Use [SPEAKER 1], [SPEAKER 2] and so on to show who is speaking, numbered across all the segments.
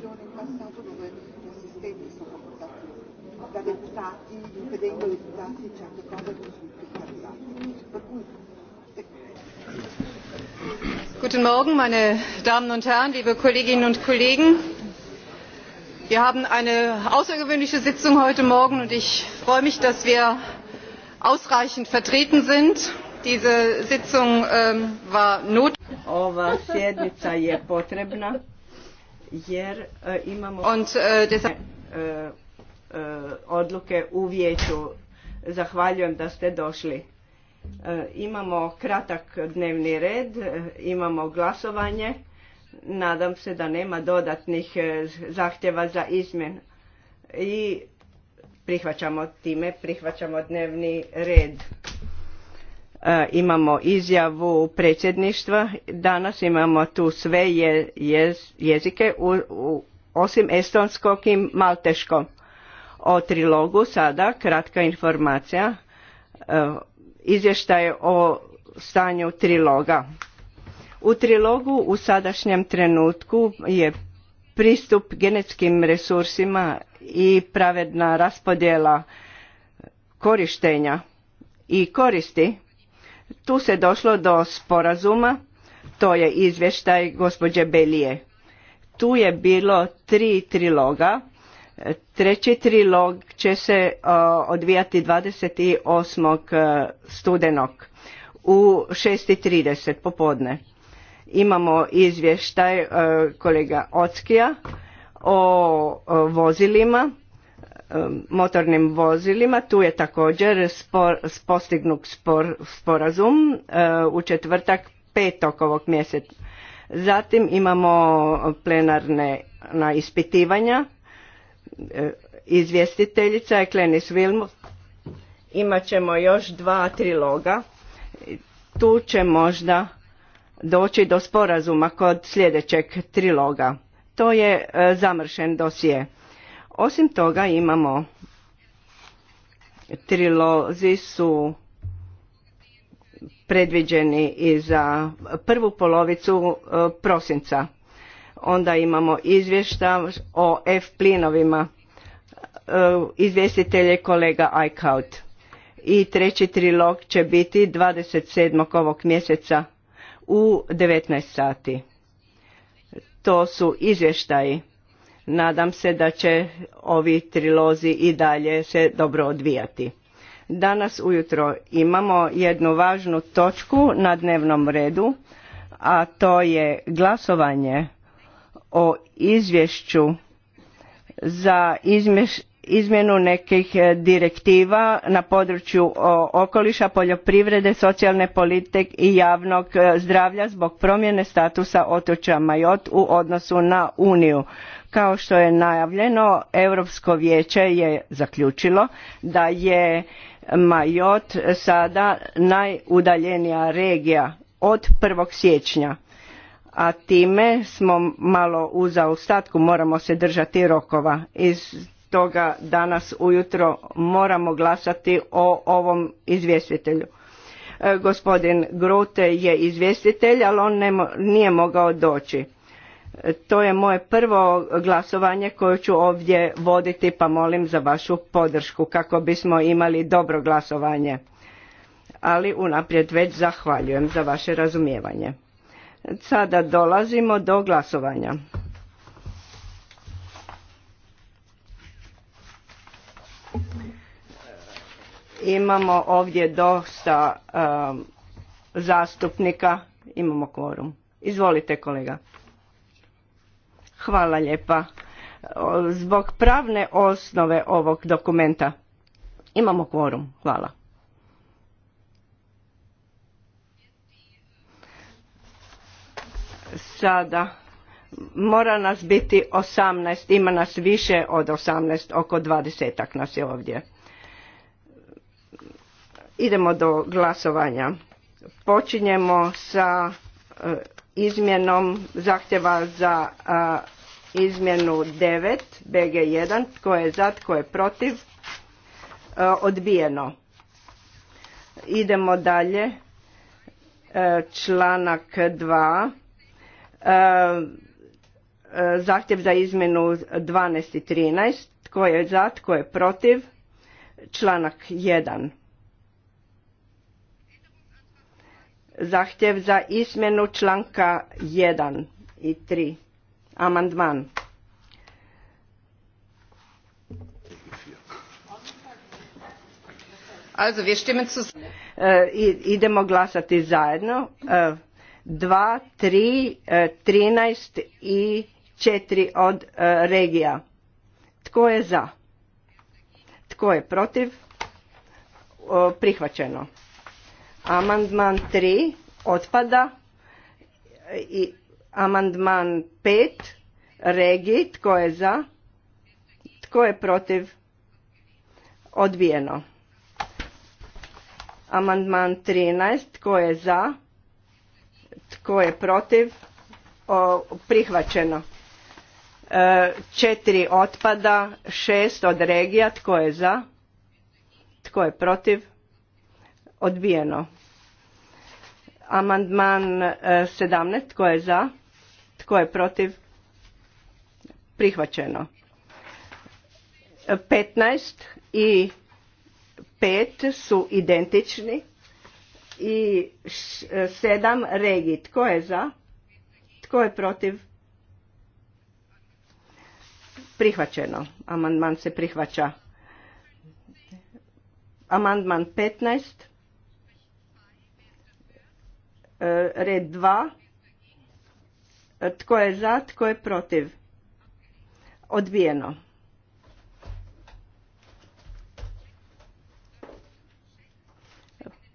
[SPEAKER 1] soluzione in passato dove i sistemi sono portati da deputati impedendo ai deputati certe cose che sono più candidati. Per cui Guten Morgen, meine Damen und Herren, liebe Kolleginnen und Kollegen. Wir haben eine außergewöhnliche Sitzung heute Morgen und ich freue mich, dass wir ausreichend vertreten sind. Diese Sitzung ähm, war notwendig. sjednica je potrebna jer e, imamo e, e, odluke u vijeću. Zahvaljujem da ste došli. Imamo kratak dnevni red, imamo glasovanje. Nadam se da nema dodatnih zahtjeva za izmjen. I prihvaćamo time, prihvaćamo dnevni red. E, imamo izjavu predsjedništva, danas imamo tu sve je, jezike u, osim estonskog i malteškog. O trilogu sada kratka informacija, e, izvještaj o stanju triloga. U trilogu u sadašnjem trenutku je pristup genetskim resursima i pravedna raspodjela korištenja i koristi tu se došlo do sporazuma, to je izvještaj gospođe Belije. Tu je bilo tri triloga. Treći trilog će se odvijati 28. E, studenog u 6.30 popodne. Imamo izvještaj e, kolega Ockija o vozilima Um, motornim vozilima. Tu je također spor, postignut spor, sporazum uh, u četvrtak petog ovog mjeseca. Zatim imamo plenarne na ispitivanja. Uh, izvjestiteljica je Klenis Vilmo. Imat ćemo još dva triloga. Tu će možda doći do sporazuma kod sljedećeg triloga. To je uh, zamršen dosije osim toga imamo trilozi su predviđeni i za prvu polovicu e, prosinca. Onda imamo izvješta o F plinovima, e, izvjestitelje kolega Eichhout. I treći trilog će biti 27. ovog mjeseca u 19 sati. To su izvještaji Nadam se da će ovi trilozi i dalje se dobro odvijati. Danas ujutro imamo jednu važnu točku na dnevnom redu, a to je glasovanje o izvješću za izmjenu nekih e, direktiva na području okoliša, poljoprivrede, socijalne politike i javnog e, zdravlja zbog promjene statusa otoča Majot u odnosu na Uniju. Kao što je najavljeno, Europsko vijeće je zaključilo da je Majot sada najudaljenija regija od 1. siječnja. A time smo malo u zaostatku, moramo se držati rokova. Iz toga danas ujutro moramo glasati o ovom izvjestitelju. E, gospodin Grote je izvjestitelj, ali on nije mogao doći to je moje prvo glasovanje koje ću ovdje voditi pa molim za vašu podršku kako bismo imali dobro glasovanje. Ali unaprijed već zahvaljujem za vaše razumijevanje. Sada dolazimo do glasovanja. Imamo ovdje dosta um, zastupnika, imamo kvorum. Izvolite kolega. Hvala lijepa. Zbog pravne osnove ovog dokumenta imamo kvorum. Hvala. Sada mora nas biti 18, ima nas više od 18, oko 20 nas je ovdje. Idemo do glasovanja. Počinjemo sa e, izmjenom zahtjeva za izmjenu 9, BG1, tko je za, tko je protiv, e, odbijeno. Idemo dalje, e, članak 2, e, zahtjev za izmjenu 12 i 13, tko je za, tko je protiv, članak 1. Zahtjev za izmjenu članka 1 i 3 amandman. Also, wir stimmen e, idemo glasati zajedno. E, dva, tri, e, trinaest i četiri od regija. Tko je za? Tko je protiv? Prihvaćeno. Amandman 3 otpada i Amandman 5. Regi. Tko je za? Tko je protiv? Odbijeno. Amandman 13. Tko je za? Tko je protiv? prihvaćeno. E, četiri otpada, šest od regija. Tko je za? Tko je protiv? Odbijeno. Amandman e, 17. Tko je za? Tko je protiv? Prihvaćeno. 15 i 5 su identični i 7 regi. Tko je za? Tko je protiv? Prihvaćeno. Amandman se prihvaća. Amandman 15. E, red 2. Tko je za, tko je protiv? Odbijeno.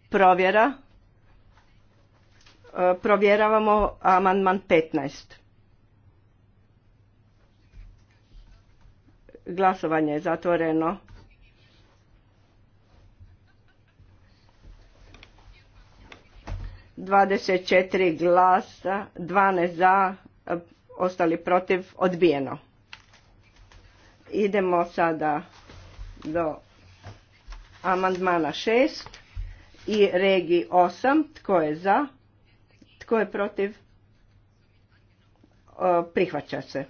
[SPEAKER 1] Provjera. E, provjeravamo amandman 15. Glasovanje je zatvoreno. 24 glasa, 12 za, ostali protiv, odbijeno. Idemo sada do amandmana 6 i regiji 8. Tko je za? Tko je protiv? Prihvaća se.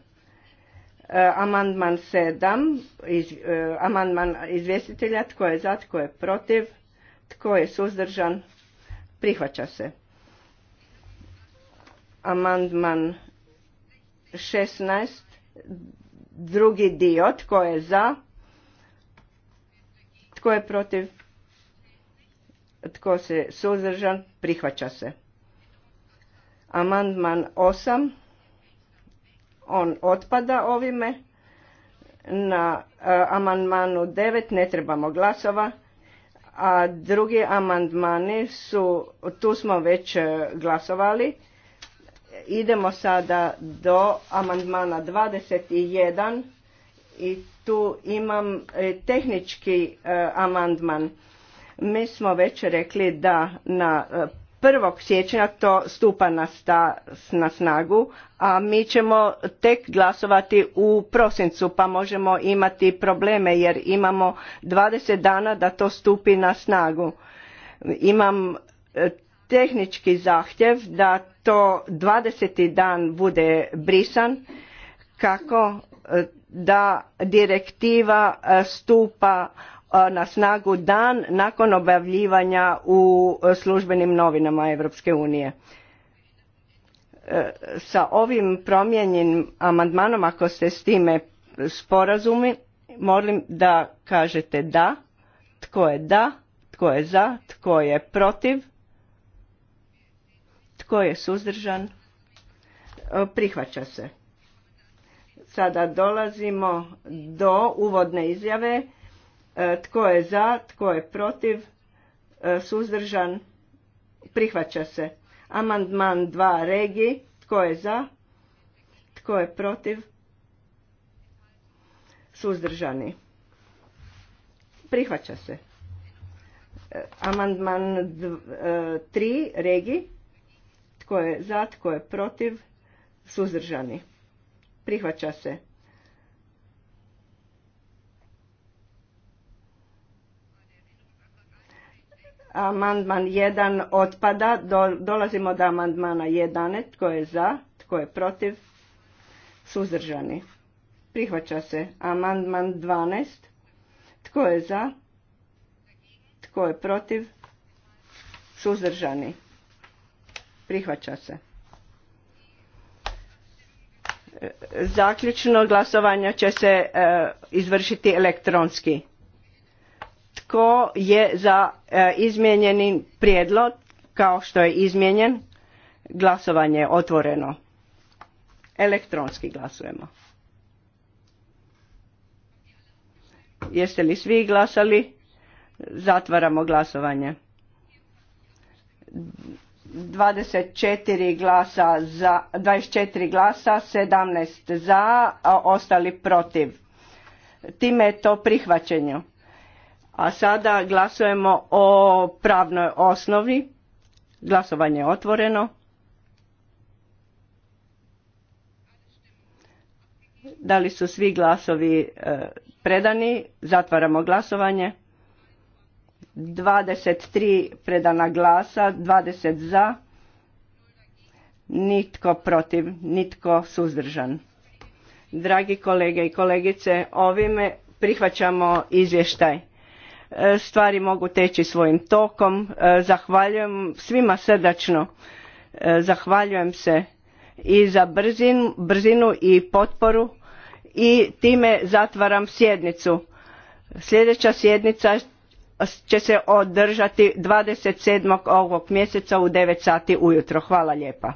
[SPEAKER 1] E, amandman 7, e, amandman izvjestitelja, tko je za, tko je protiv, tko je suzdržan, prihvaća se. Amandman 16, drugi dio, tko je za, tko je protiv, tko se suzdržan, prihvaća se. Amandman 8, on otpada ovime. Na e, amandmanu 9 ne trebamo glasova, a drugi amandmani su, tu smo već e, glasovali, Idemo sada do amandmana 21 i tu imam e, tehnički e, amandman. Mi smo već rekli da na 1. E, siječnja to stupa na, na snagu, a mi ćemo tek glasovati u prosincu, pa možemo imati probleme jer imamo 20 dana da to stupi na snagu. Imam tehnički zahtjev da to 20. dan bude brisan kako e, da direktiva e, stupa e, na snagu dan nakon objavljivanja u službenim novinama Europske unije. Sa ovim promijenjenim amandmanom, ako ste s time sporazumi, molim da kažete da, tko je da, tko je za, tko je protiv, tko je suzdržan? E, prihvaća se. Sada dolazimo do uvodne izjave. E, tko je za, tko je protiv, e, suzdržan, prihvaća se. Amandman 2 regi, tko je za, tko je protiv, suzdržani. Prihvaća se. Amandman 3 regi, tko je za, tko je protiv, suzdržani. Prihvaća se. Amandman 1 otpada. dolazimo do amandmana 11. Tko je za? Tko je protiv? Suzdržani. Prihvaća se. Amandman 12. Tko je za? Tko je protiv? Suzdržani. Prihvaća se. Zaključno glasovanje će se e, izvršiti elektronski. Tko je za e, izmijenjeni prijedlog kao što je izmijenjen? Glasovanje je otvoreno. Elektronski glasujemo. Jeste li svi glasali? Zatvaramo glasovanje. 24 glasa za, 24 glasa, 17 za, a ostali protiv. Time je to prihvaćenje. A sada glasujemo o pravnoj osnovi. Glasovanje je otvoreno. Da li su svi glasovi e, predani? Zatvaramo glasovanje. 23 predana glasa, 20 za, nitko protiv, nitko suzdržan. Dragi kolege i kolegice, ovime prihvaćamo izvještaj. E, stvari mogu teći svojim tokom. E, zahvaljujem svima srdačno. E, zahvaljujem se i za brzinu, brzinu i potporu i time zatvaram sjednicu. Sljedeća sjednica će se održati 27. ovog mjeseca u 9 sati ujutro. Hvala lijepa.